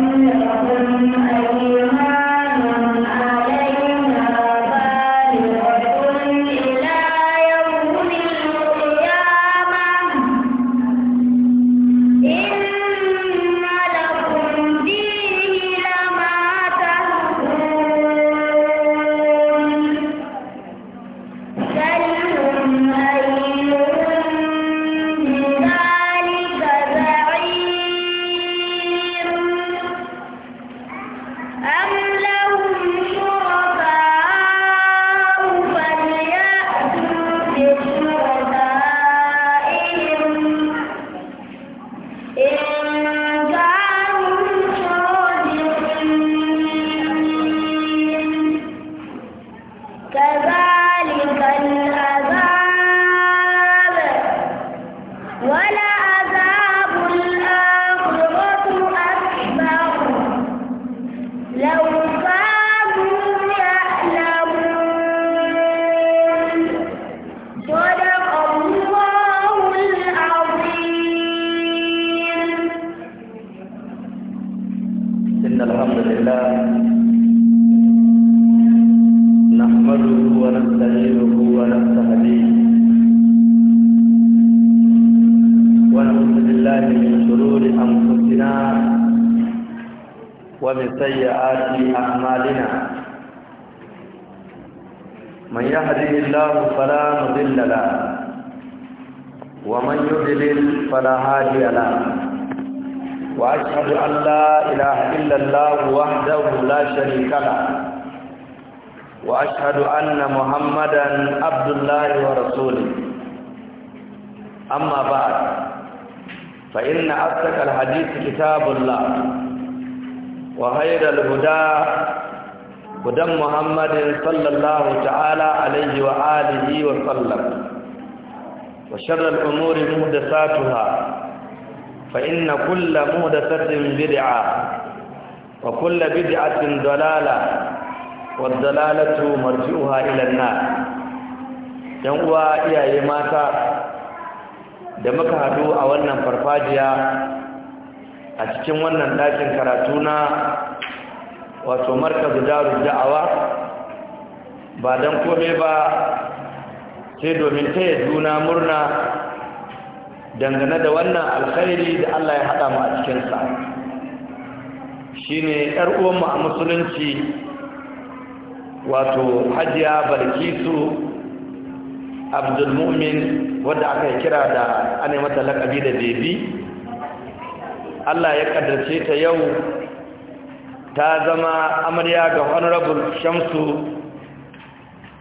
أيها وخير الهدى هدى محمد صلى الله تعالى عليه وآله وسلم وشر الأمور مهدساتها فإن كل مهدسة بدعة وكل بدعة ضلالة والضلالة مرجعها إلى النار ينقوى إياه ماتا da muka haɗu a wannan farfajiya a cikin wannan ɗakin karatu na wato markazu daru da'awa ba don kome ba sai domin taya juna murna dangane da wannan alkhairi da Allah ya haɗa mu a cikinsa shi ne mu a musulunci wato hajiya balkisu abdulmumin wadda aka kira da ana mata laƙabi da bebi Allah ya ƙaddace ta yau ta zama amarya ga honorable shamsu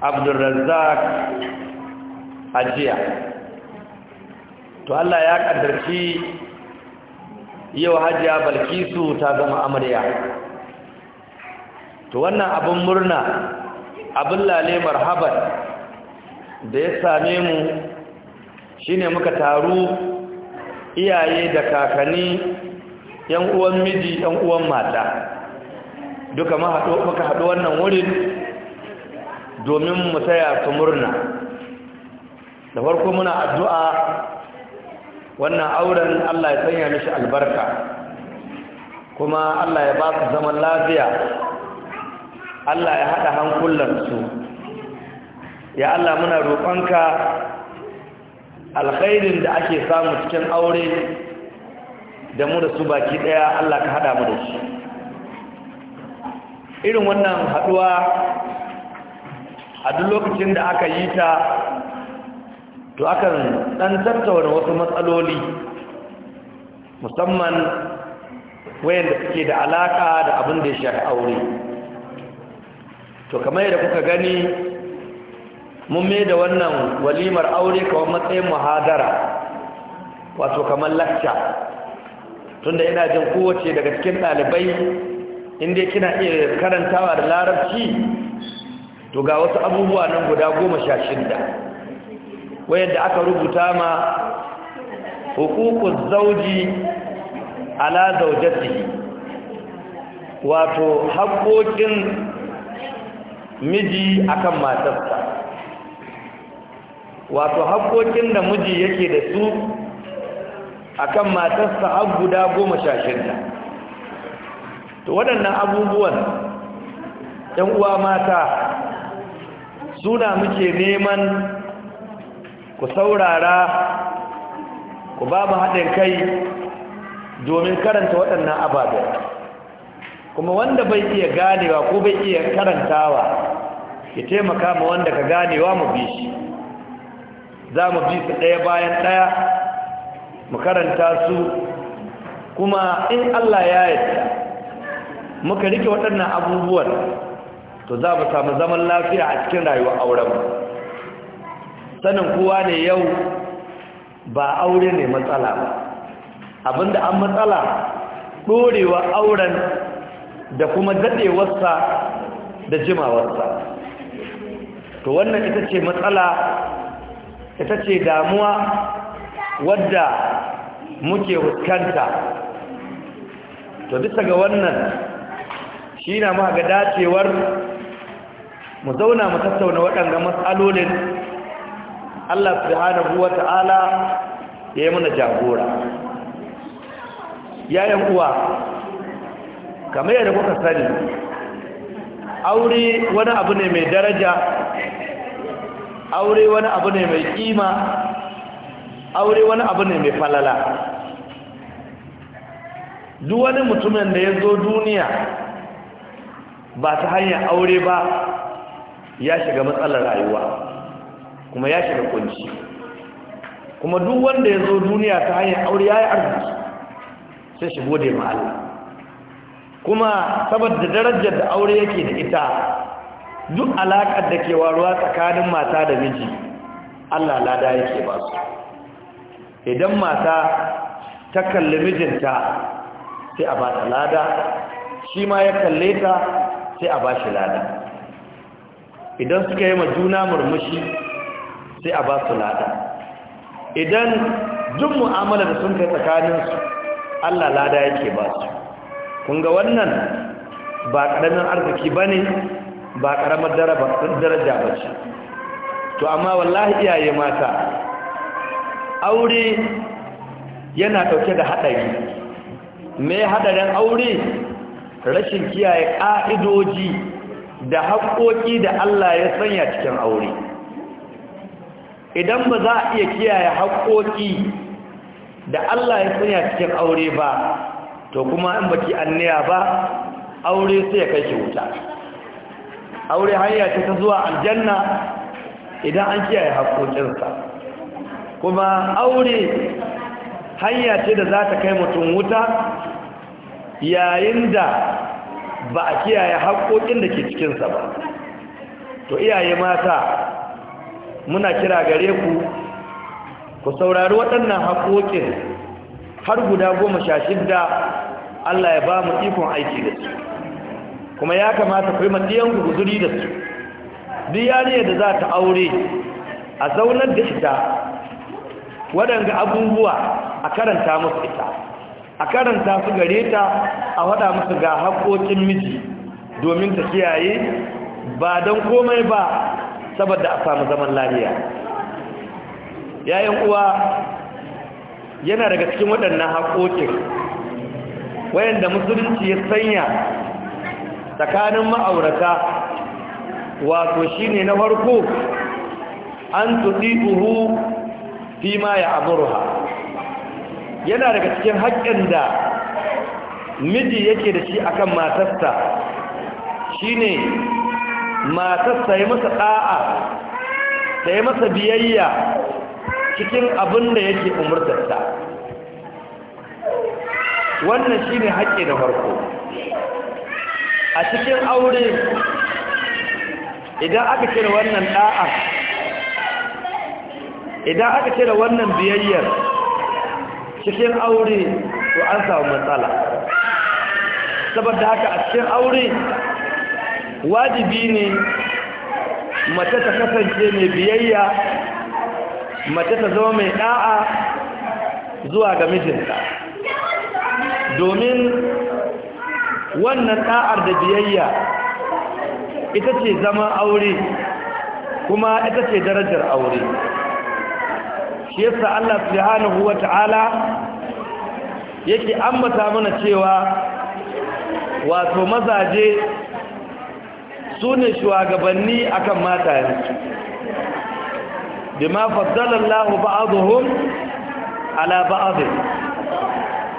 abdulrazak ajiya to allah ya kaddarci yau hajiya balkisu ta zama amarya to wannan abin murna abin lale marhaban da ya same mu shine muka taru iyaye da kakanni yan uwan miji yan uwan mata duka muka haɗu wannan wurin domin mu saya su murna da farko muna addu'a wannan auren Allah ya sanya mishi albarka kuma Allah ya ba su zaman lafiya Allah ya haɗa hankulansu ya Allah muna roƙonka alkhairin da ake samu cikin aure da mu da su baki ɗaya Allah ka haɗa mu da shi irin wannan haduwa a duk lokacin da aka yi ta to akan dan tattauna wasu matsaloli musamman wayanda suke da alaka da abin da ya shafi aure to kamar yadda kuka gani mun mai da wannan walimar aure kawai matsayin muhadara wato kamar lakca tunda ina jin kowace daga cikin ɗalibai In inda kina iya karantawa da larabci to ga wasu abubuwa nan guda goma sha shida wayanda aka rubuta ma hukukun zauji ala zaujatihi wato haƙoƙin miji akan matarsa wato haƙoƙin da miji yake da su akan matarsa har guda goma sha shida to waɗannan abubuwan ‘yan uwa mata suna muke neman ku saurara ku ba mu haɗin kai domin karanta waɗannan ababen kuma wanda bai iya ganewa ko bai iya karantawa ya taimaka ma wanda ka ganewa mu bi shi za mu bi su ɗaya bayan ɗaya mu karanta su kuma in Allah ya yadda muka rike waɗannan abubuwan to za mu samu zaman lafiya a cikin rayuwar auren sanin kowa ne yau ba aure ne matsala ba abinda an matsala ɗorewa auren da kuma daɗewarsa da jimawarsa to wannan ita ce matsala ita ce damuwa wadda muke huskanta to bisa ga wannan shi na ma ga dacewar mu zauna mu tattauna waɗanda matsalolin Allah subhanahu wa ta'ala ya yi mana jagora yayan uwa kamar yadda kuka sani aure wani abu ne mai daraja aure wani abu ne mai kima aure wani abu ne mai falala duk wani mutumin da ya zo duniya ba ta hanyar aure ba ya shiga matsalar rayuwa kuma ya shiga kunci kuma duk wanda ya zo duniya ta hanyar aure ya yi arziki sai shigo da ma kuma saboda darajar da aure yake da ita duk alaƙar da ke waruwa tsakanin mata da miji Allah lada yake ba su idan mata ta kalli mijinta sai a ba ta lada shi ma ya kalle ta sai a ba shi lada idan suka yi wa juna murmushi sai a ba su lada idan duk mu'amala da sun kai tsakaninsu allah lada yake ba su kunga wannan ba ƙaramin arziki ba ne ba ƙaramar daraja ba ce to amma wallahi iyaye mata aure yana dauke da haɗari me haɗarin aure rashin kiyaye ƙa'idoji da haƙoƙi da Allah ya sanya cikin aure idan ba za a iya kiyaye haƙoƙi da Allah ya sanya cikin aure ba to kuma in baki anniya ba aure sai ya kai shi wuta aure hanya ce ta zuwa aljanna idan an kiyaye haƙoƙinsa kuma aure hanya ce da za ta kai mutum wuta yayin da ba a kiyaye haƙoƙin da ke cikinsa ba to iyaye mata muna kira gare ku ku saurari waɗannan haƙoƙin har guda goma sha shidda Allah ya ba mu ikon aiki da su kuma ya kamata ku yi guzuri da su duk yariyar da za ta aure a zaunar da ita waɗanda abubuwa a karanta musu ita a karanta su gare ta a wada musu ga haƙoƙin miji domin ta kiyaye ba don komai ba saboda a samu zaman lafiya yayin uwa yana daga cikin waɗannan haƙoƙin wayanda musulunci ya sanya tsakanin ma'aurata wato shine na farko an tuɗi uhu fi ma ya aburuwa yana daga cikin haƙƙin da miji yake da shi akan matarsa shine matarsa ya masa ɗa'a da ya masa biyayya cikin abin da yake umurtarsa wannan shine haƙƙi na farko a cikin aure idan aka cire wannan ɗa'a idan aka cire wannan biyayyar cikin aure to an samu matsala saboda haka a cikin aure wajibi ne mace ta kasance mai biyayya mace ta zama mai da'a zuwa ga mijinta domin wannan da'ar da biyayya ita ce zama aure kuma ita ce darajar aure shi yasa Allah subhanahu wata'ala yake ambata mana cewa wato mazaje sune shugabanni akan mata ne bima Allah ba'dhum ala ba'd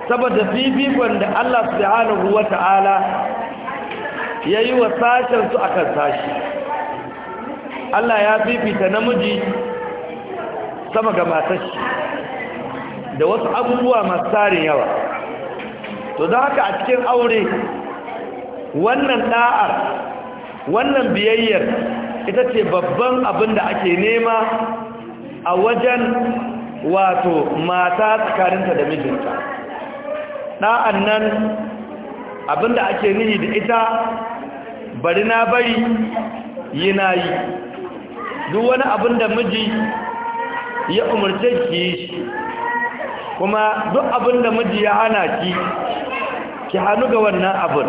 saboda fifikon da Allah subhanahu wata'ala yayi wa sashen su akan sashi Allah ya fifita namiji sama ga matar shi da wasu abubuwa masu tarin yawa to don haka a cikin aure wannan da'ar wannan biyayyar ita ce babban abin da ake nema a wajen wato mata tsakaninta da mijinta da'an nan abin da ake nihi da ita bari na bari yi na yi duk wani abin da miji ya umarce ki yi shi kuma duk abin da miji ya hana ki ki hannu ga wannan abin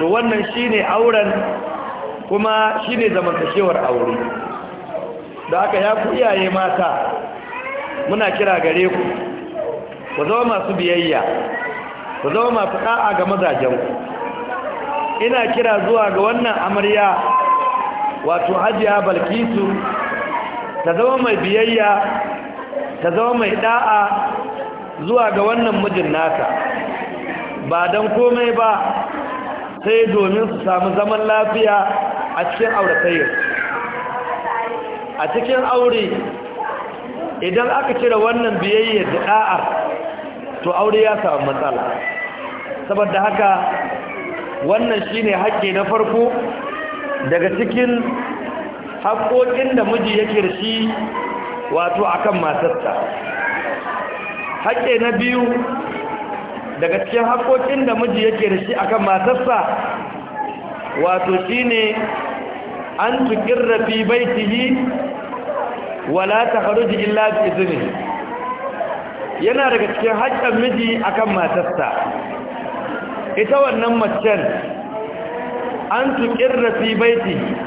to wannan shine auren kuma shine zamantakewar aure da aka ya ku iyaye mata muna kira gare ku ku zama masu biyayya ku zama masu da'a ga mazajen ku. ina kira zuwa ga wannan amarya wato hajiya balkisu ta zama mai biyayya ta zama mai da'a zuwa ga wannan mijin nata ba don komai ba sai domin su samu zaman lafiya a cikin auratayyar a cikin aure idan aka cire wannan biyayyar da da'a to aure ya samu matsala saboda haka wannan shine haƙƙi na farko daga cikin haƙoƙin da miji yake da shi wato akan matarsa haƙe na biyu daga cikin haƙoƙin da miji yake da shi akan matarsa wato shine an tukirra fi baitihi wala takhruju illa bi izini yana daga cikin haƙƙin miji akan matarsa ita wannan macen an tukirra fi baitihi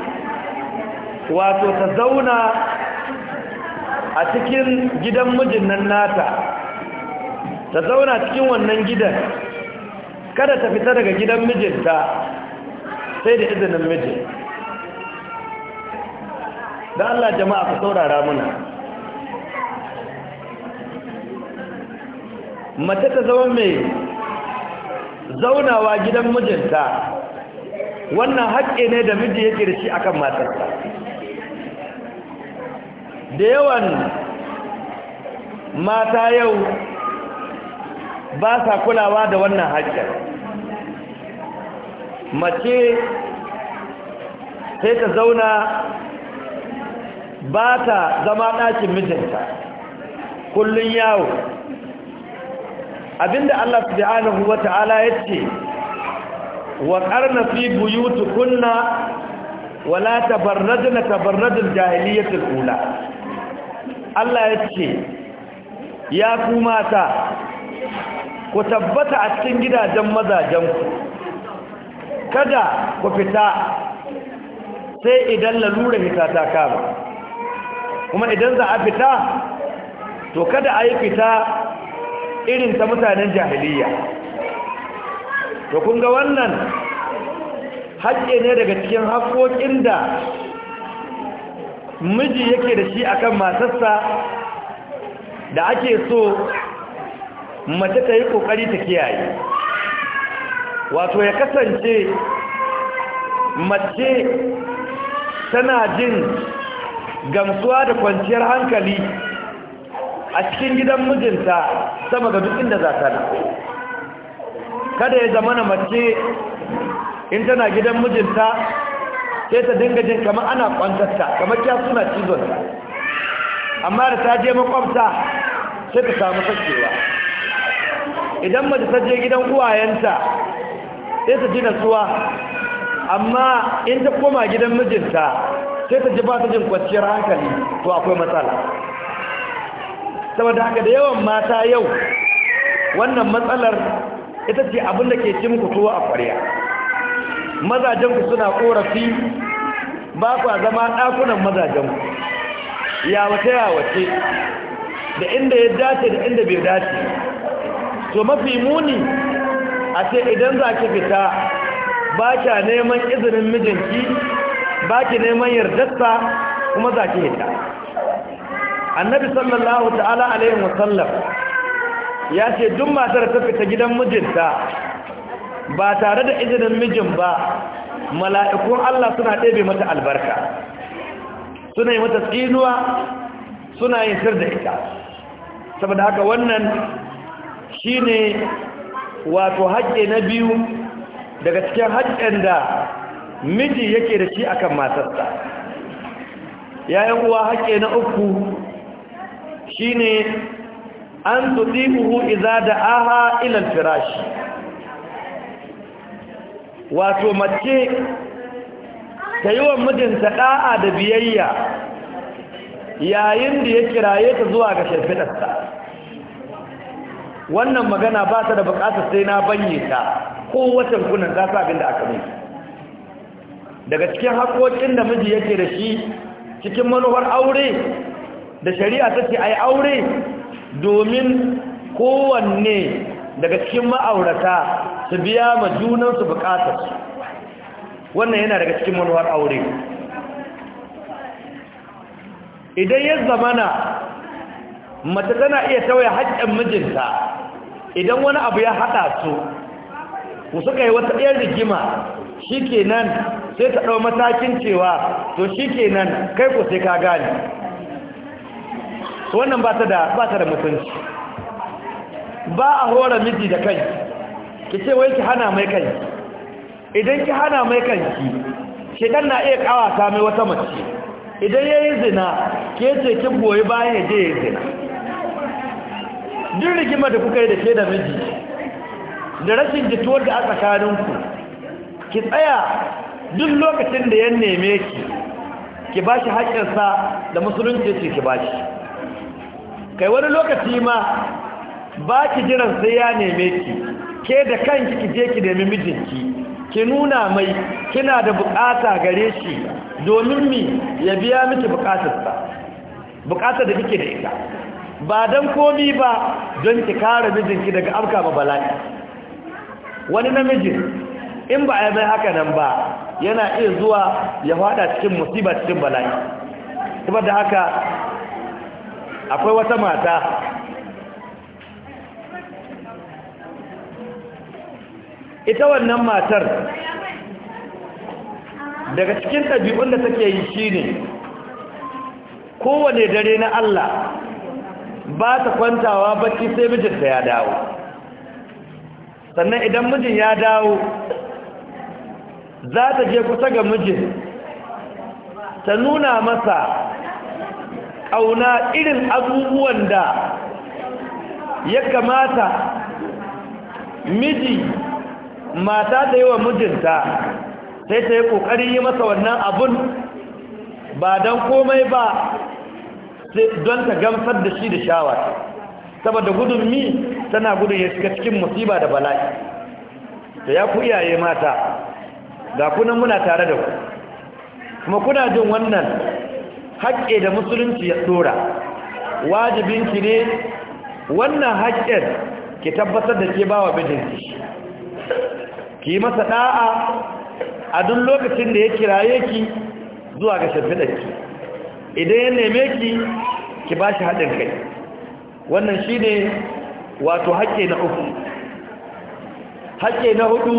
wato ta zauna a cikin gidan mijin nan nata ta zauna cikin wannan gidan kada ta fita daga gidan mijinta sai da izinin mijin da Allah jama'a ku saurara muna mace ta zama mai zaunawa gidan mijinta wannan haƙƙi ne da miji yake da shi akan matarsa da yawan mata yau ba sa kulawa da wannan haƙƙin mace sai ta zauna ba ta zama ɗakin mijinta kullum yawo abinda Allah subhanahu wa ta'ala ya ce wa ƙarna fi buyutu kunna wala tabarrajina tabarrajin jahiliyyar kula Allah ya ce ya ku mata ku tabbata a cikin gidajen mazajenku kada ku fita sai idan lalura fita ta kama kuma idan za a fita to kada a yi fita irin ta mutanen jahiliya to kun ga wannan haƙƙi ne daga cikin haƙƙoƙin da miji yake da shi akan matarsa da ake so mace ta yi kokari ta kiyaye wato ya kasance mace tana jin gamsuwa da kwanciyar hankali a cikin gidan mijinta sama ga duk inda za ta na kada ya zama na mace in tana gidan mijinta sai ta dinga jin kamar ana kwantarta kamar kya suna cizonta amma da ta je makwabta sai ta samu sakewa idan mace ta je gidan uwayenta sai ta ji natsuwa amma in ta koma gidan mijinta sai ta ji ba ta jin kwanciyar hankali to akwai matsala saboda haka da yawan mata yau wannan matsalar ita ce abinda ke ci muku a ƙwarya mazajenku suna korafi ba ku zama ɗakunan mazajenku yawace yawace da inda ya dace da inda bai dace to mafi muni a ce idan za ki fita ba kya neman izinin mijinki ba ki neman yardarsa kuma za ki hita annabi sallallahu ta'ala alaihi wasallam ya ce duk matar ta fita gidan mijinta ba tare da izinin mijin ba mala'ikun Allah suna ɗebe mata albarka suna yi mata tsinuwa suna yin sir da ita saboda haka wannan shi ne wato haƙƙe na biyu daga cikin haƙƙen da miji yake da shi akan matarsa yayin uwa haƙƙe na uku shi ne an tuɗi uhu iza da aha ilal firashi wato mace ta yi wa mijinta ɗa'a da biyayya yayin da ya kiraye ta zuwa ga shafiɗarsa wannan magana ba ta da bukatar sai na banye ta watan kunan za sa abin da aka mai daga cikin haƙoƙin da miji yake da shi cikin manufar aure da shari'a ta ce a aure domin kowanne daga cikin ma'aurata su biya ma junansu bukatarsu wannan yana daga cikin manuwar aure idan ya zamana mace tana iya tawaye haƙƙin mijinta idan wani abu ya haɗa su ku suka yi wata ɗayar rigima shi kenan sai ta ɗau matakin cewa to shi kenan kai ku sai ka gane wannan ba ta da mutunci ba a hora miji da kai ki ce wai ki hana mai kanki idan ki hana mai kanki shedan na iya kawata mai wata mace idan yayi zina ke ce kin boye bayan ya je zina duk rigimar da kuka yi da ke da miji da rashin jituwar da a tsakaninku ki tsaya duk lokacin da ya neme ki ki ba shi haƙƙinsa da musulunci ce ki ba shi kai wani lokaci ma ba ki jiran sai ya neme ki ke da kanki ki je ki nemi mijinki ki nuna mai kina da bukata gare shi domin mi ya biya miki bukatarsa bukatar da kike da ita ba don komi ba don ki kare mijinki daga afka ba bala'i wani namiji in ba a mai haka nan ba yana iya zuwa ya fada cikin musiba cikin bala'i kuma da haka akwai wata mata ita wannan matar daga cikin ɗabi'un da take yi shi ne kowane dare na Allah ba ta kwantawa bacci sai mijinta ya dawo sannan idan mijin ya dawo za ta je kusa ga mijin ta nuna masa ƙauna irin abubuwan da ya kamata miji mata da yi mijinta sai ta yi ƙoƙari yi masa wannan abun ba don komai ba don ta gamsar da shi da shawar saboda gudun mi tana gudun ya shiga cikin musiba da bala'i da ya ku iyaye mata ga kunan muna tare da ku kuma kuna jin wannan haƙƙe da musulunci ya tsora, wajibinki ne wannan haƙƙen ke tabbatar da ke bawa wa ki masa da'a a duk lokacin da ya kiraye ki zuwa ga ki, idan ya neme ki ki ba shi haɗin kai wannan shi ne wato haƙƙe na uku haƙƙe na hudu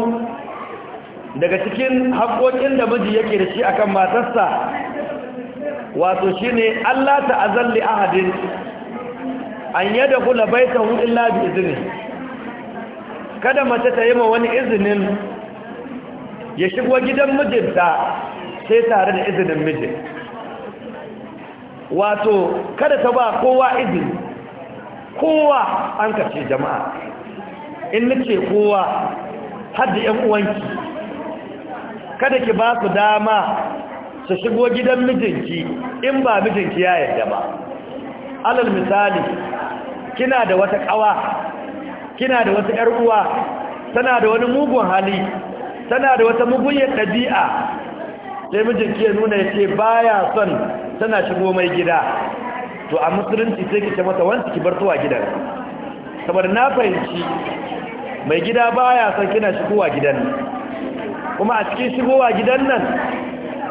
daga cikin haƙƙoƙin da miji yake da shi akan matarsa wato shi shine Allah azalli ahadin an yada yadkhula baytahu illa bi izini. kada mace ta yi ma wani izinin ya shigo gidan mijinta sai tare da izinin miji. wato kada ta ba kowa izini kowa an kace jama'a in nace kowa har da ƴan uwanki kada ki ba su dama su shigo gidan mijinki in ba mijinki ya yarda ba alal misali kina da wata kawa kina da wata ‘yar uwa tana da wani mugun hali tana da wata mugunyar ɗabi'a sai mijinki ya nuna ya ce baya son tana shigo mai gida to a musulunci sai ki mata wansu ki bar zuwa gidan saboda na fahimci mai gida baya son kina shigowa gidan kuma a cikin shigowa gidan nan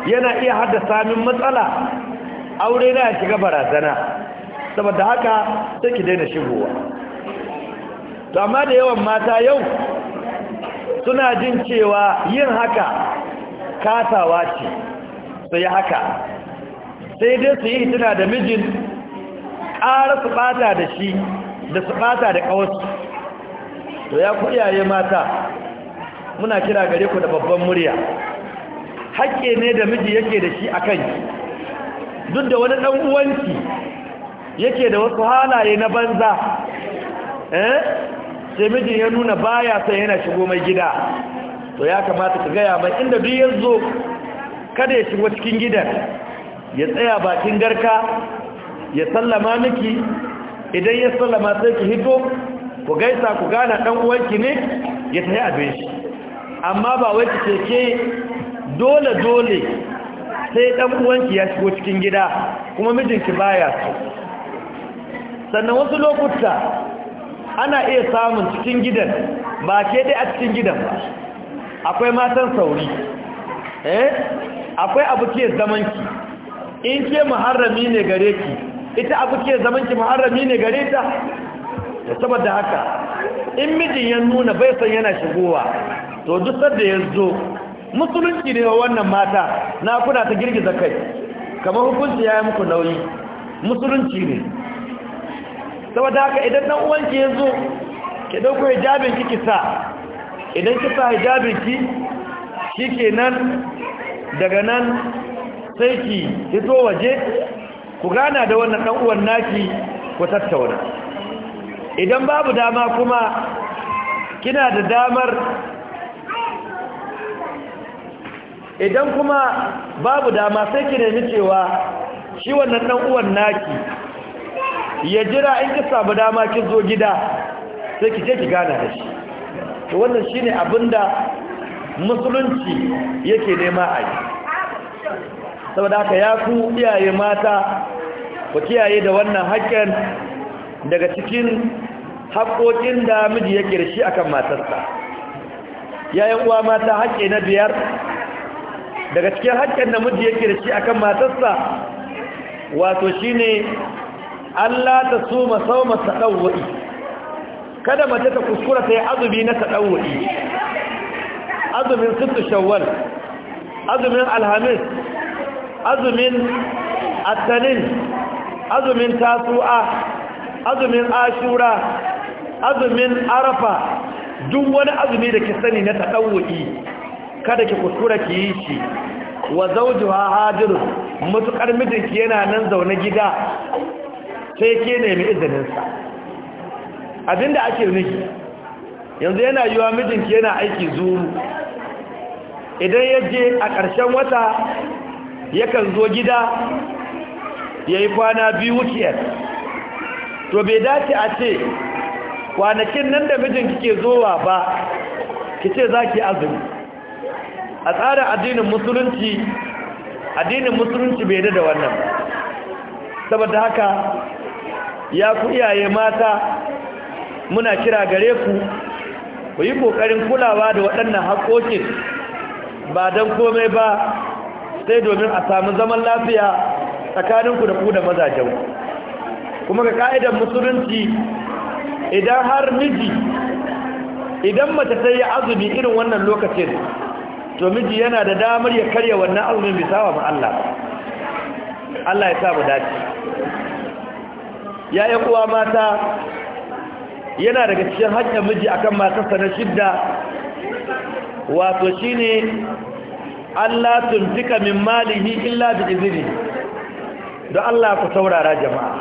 yana iya hada min matsala aure na ya shiga barazana saboda haka sai ki daina shigowa to amma da yawan mata yau suna jin cewa yin haka katawa ce su yi haka sai dai su yi tuna da mijin ƙara su ɓata da shi da su ɓata da ƙawarsu to ya iyaye mata muna kira gare ku da babban murya hakke ne da miji yake da shi a kan duk da wani ɗan uwanki yake da wasu halaye na banza eh sai mijin ya nuna baya sai yana shigo mai gida to ya kamata ka gaya mai inda duk ya kada ya shigo cikin gidan ya tsaya bakin garka ya sallama miki idan ya sallama sai ki hito ku gaisa ku gana dan uwanki ne ya tayi abin shi amma ba wai ki keke dole dole sai dan uwanki ya shigo cikin gida kuma mijinki baya so sannan wasu lokuta ana iya samun cikin gidan ba ke dai a cikin gidan ba akwai matan sauri eh akwai abu ke zamanki in ke muharrami ne gare ki ita abu ke zamanki muharrami ne gare ta da saboda haka in mijin ya nuna bai san yana shigowa to duk sanda ya zo musulunci ne wannan mata na kuna ta girgiza kai kamar hukunci ya yi muku nauyi musulunci ne saboda haka idan dan uwanki ya zo ki dauko hijabin ki ki sa idan ki sa hijabin ki shikenan daga nan sai ki fito waje ku gana da wannan dan uwan naki ku tattauna idan babu dama kuma kina da damar idan kuma babu dama sai ki nemi cewa shi wannan dan uwan naki ya jira in ki samu dama ki zo gida sai ki je ki gana da shi to wannan shine abinda musulunci yake nema a yi saboda haka ya ku iyaye mata ku kiyaye da wannan haƙƙin daga cikin haƙoƙin da miji yake da shi akan matarsa yayin uwa mata haƙƙi na biyar daga cikin haƙƙin da miji yake da shi akan matarsa wato shine Allah ta suma sauma taɗawwa'i kada mace ta kuskura ta yi azumi na taɗawwa'i azumin sittu shawwal azumin alhamis azumin attanin azumin tasu'a azumin ashura azumin arafa duk wani azumi da ke sani na taɗawwa'i kada ki kuskura ki yi shi wa zaujuha hajirun mutukar mijinki yana nan zaune gida sai ke nemi izininsa abinda ake nufi yanzu yana yiwa mijinki yana aiki zuru idan ya je a ƙarshen wata yakan zo gida ya yi kwana biyu wuciyar to bai dace a ce kwanakin nan da mijinki ke zowa ba ki ce za ki azumi a tsarin addinin musulunci addinin musulunci bai da wannan saboda haka ya ku iyaye mata muna kira gare ku ku yi ƙoƙarin kulawa da waɗannan haƙoƙin ba don komai ba sai domin a samu zaman lafiya tsakaninku da ku da mazajen kuma ga ka'idar musulunci idan har miji idan mace ta yi azumi irin wannan lokacin to miji yana da damar ya karya wannan azumin bisawa ma Allah Allah ya sa mu dace ya yi kuwa mata yana daga cikin hanyar miji akan matarsa na shidda wato shi ne allah fika min malihi illa da izini don allah ku saurara jama'a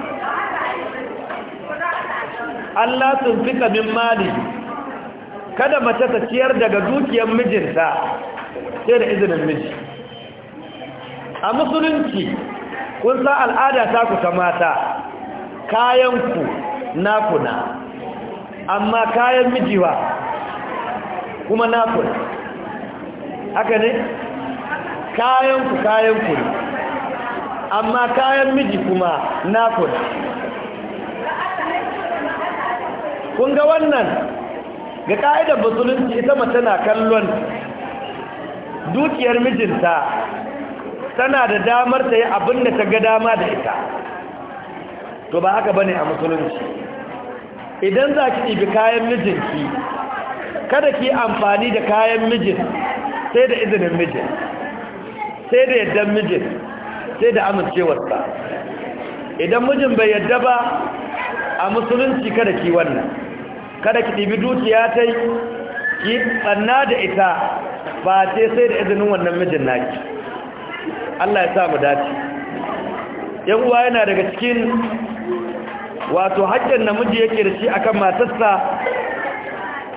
allah fika min malihi kada mace ta ciyar daga dukiyar mijinta sai da izinin miji a musulunci kun sa al'ada ta ku ta mata kayanku nakuna amma kayan mijiwa kuma nakuna haka ne kayanku kayanku ne amma kayan miji kuma nakuna kun ga wannan ga ka'idar musulunci ita mace na kallon dukiyar mijinta tana da damar ta yi abin da ta ga dama da ita to ba haka bane a musulunci idan za ki ɗibi kayan mijinki kada ki amfani da kayan mijin sai da izinin mijin sai da yaddan mijin sai da amincewarsa idan mijin bai yadda ba a musulunci kada ki wannan kada ki ɗibi dukiya ta yi ki tsanna da ita ba ce sai da izinin wannan mijin naki Allah ya sa mu dace yan uwa yana daga cikin wato haƙƙin namiji yake da shi akan matarsa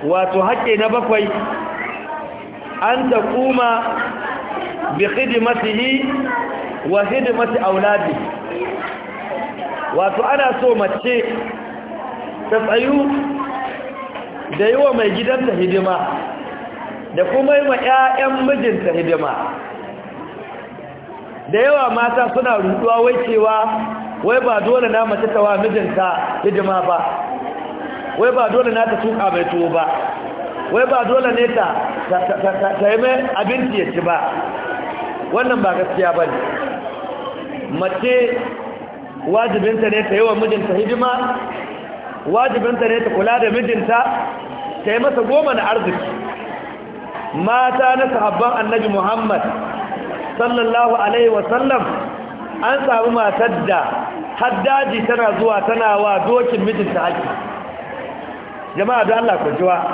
wato haƙƙi na bakwai an ta kuma bi khidmatihi wa khidmati auladi wato ana so mace ta tsayu da yi wa mai gidanta hidima da kuma yi wa 'ya'yan mijinta hidima da yawa mata suna rutuwa wai cewa wai ba dole na mace tawa mijinta hidima ba wai ba dole na ta tuka mai tuwo ba wai ba dole ne ta ta yi mai abinci ya ci ba wannan ba gaskiya ba ne mace wajibinta ne ta yi wa mijinta hidima wajibinta ne ta kula da mijinta ta yi masa goma na arziki mata na sahabban annabi muhammad sallallahu alaihi wasallam an samu matar da Haddaji tana zuwa tana wa dokin mijinta haƙi jama'a da Allah ku jiwa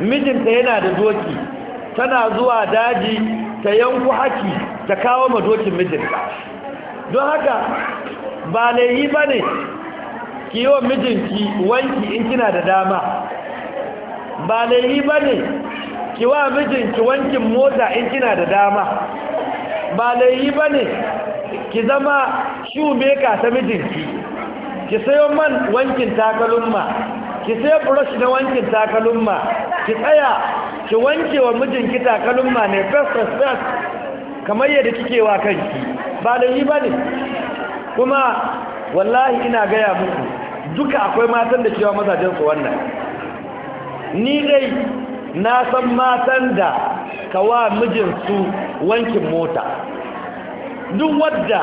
mijinta yana da doki tana zuwa daji ta yanku haƙi ta kawo ma dokin mijinta don haka ba yi ba ne ki yi wa mijinki wanki in kina da dama ba yi ba ne ki wa mijinki wankin mota in kina da dama ba yi ba ne ki zama ka ta mijinki ki sayo man wankin takalumma ki sayo brush na wankin takalumma ki tsaya ki wanke wa mijinki takalumma ne first first kamar yadda kike wa kanki ba da yi bane kuma wallahi ina gaya muku duka akwai matan da cewa mazajen su wannan ni dai na san matan da kawa mijinsu wankin mota duk wadda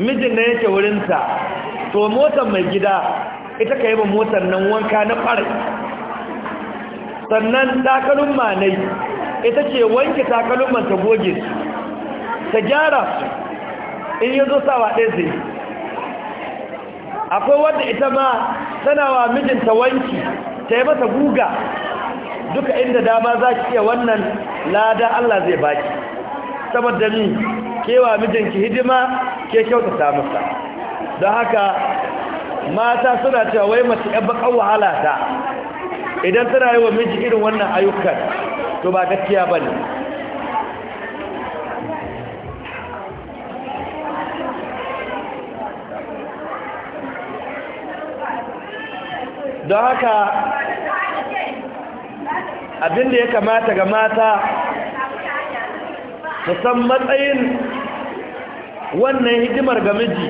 mijin da yake wurinta to motar mai gida ita ka yi ba motar nan wanka na fara sannan takalin manai ita ce wanke takalin manta goge ta gyara in yi zo sawa ɗaya zai akwai wadda ita ma tana wa mijinta wanki ta yi masa guga duka inda dama za ki iya wannan lada Allah zai baki saboda ni kewa mijinki hidima ke kyautata masa don haka mata suna cewa wai mace yan bakan wahala idan tana yi wa miji irin wannan ayyukan to ba gaskiya ba ne don haka abinda ya kamata ga mata su san matsayin wannan hidimar ga miji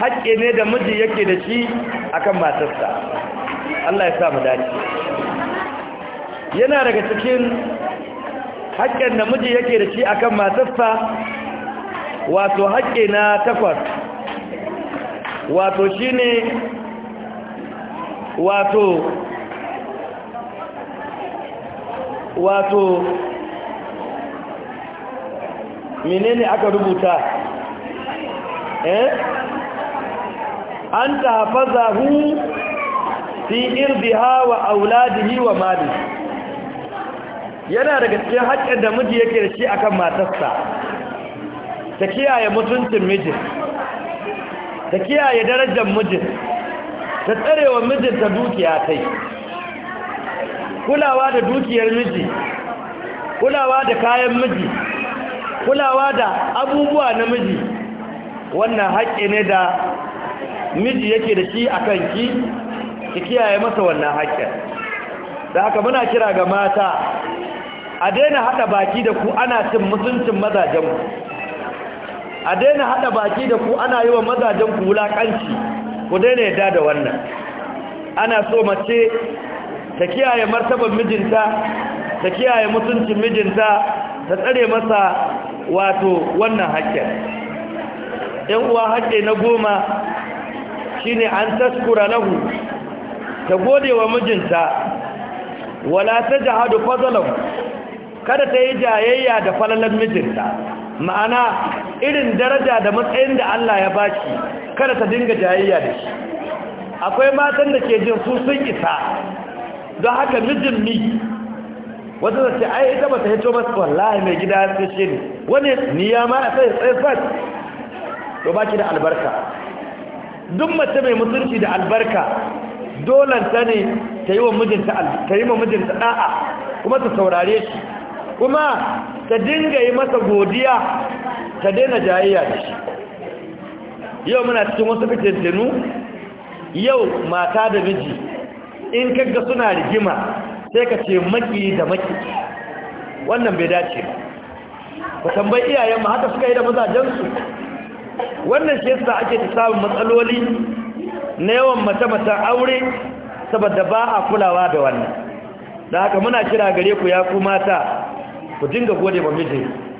haƙƙe ne da miji yake da shi akan matarsa Allah ya sa mu dace yana daga cikin haƙƙin da miji yake da shi akan matarsa wato haƙƙe na takwas wato shine wato wato menene aka rubuta eh an tahfazahu fi irbiha wa auladihi wa mali yana daga cikin haƙƙin da miji yake da shi akan matarsa ta kiyaye mutuncin mijin ta kiyaye darajar mijin ta tsarewa mijin ta dukiya kai kulawa da dukiyar miji kulawa da kayan miji kulawa da abubuwa na miji wannan haƙƙi ne da miji yake da shi a kanki ki kiyaye masa wannan haƙƙin da haka muna kira ga mata a daina haɗa baki da ku ana cin mutuncin mazajenku a daina haɗa baki da ku ana yi wa mazajenku wulaƙanci ku daina yadda da wannan ana so mace ta kiyaye martabar mijinta ta kiyaye mutuncin mijinta ta tsare masa wato wannan haƙƙin ‘yan uwa hadde na goma shine an taskura lahu ta gode wa mijinta wala ta jihadu kada ta yi jayayya da falalan mijinta ma'ana irin daraja da matsayin da Allah ya baki kada ta dinga jayayya da shi akwai matan da ke jin su sun isa don haka mijin mi wata zace ai ita ba ta hito masu wallahi mai gida ya tsaye ne wani ni ya ma a tsaye tsaye to ki da albarka duk mace mai mutunci da albarka dolan ta ne ta yi wa mijinta ta yi wa mijinta da'a kuma ta saurare shi kuma ta dinga yi masa godiya ta daina jayayya da shi yau muna cikin wasu fitintinu yau mata da miji in kaga suna rigima sai ka ce maki da maki wannan bai dace ba ku tambayi iyayen ma haka suka yi da mazajensu wannan shi yasa ake samun matsaloli na yawan mata-mata aure saboda ba a kulawa da wannan da haka muna kira gare ku ya ku mata ku dinga gode ba miji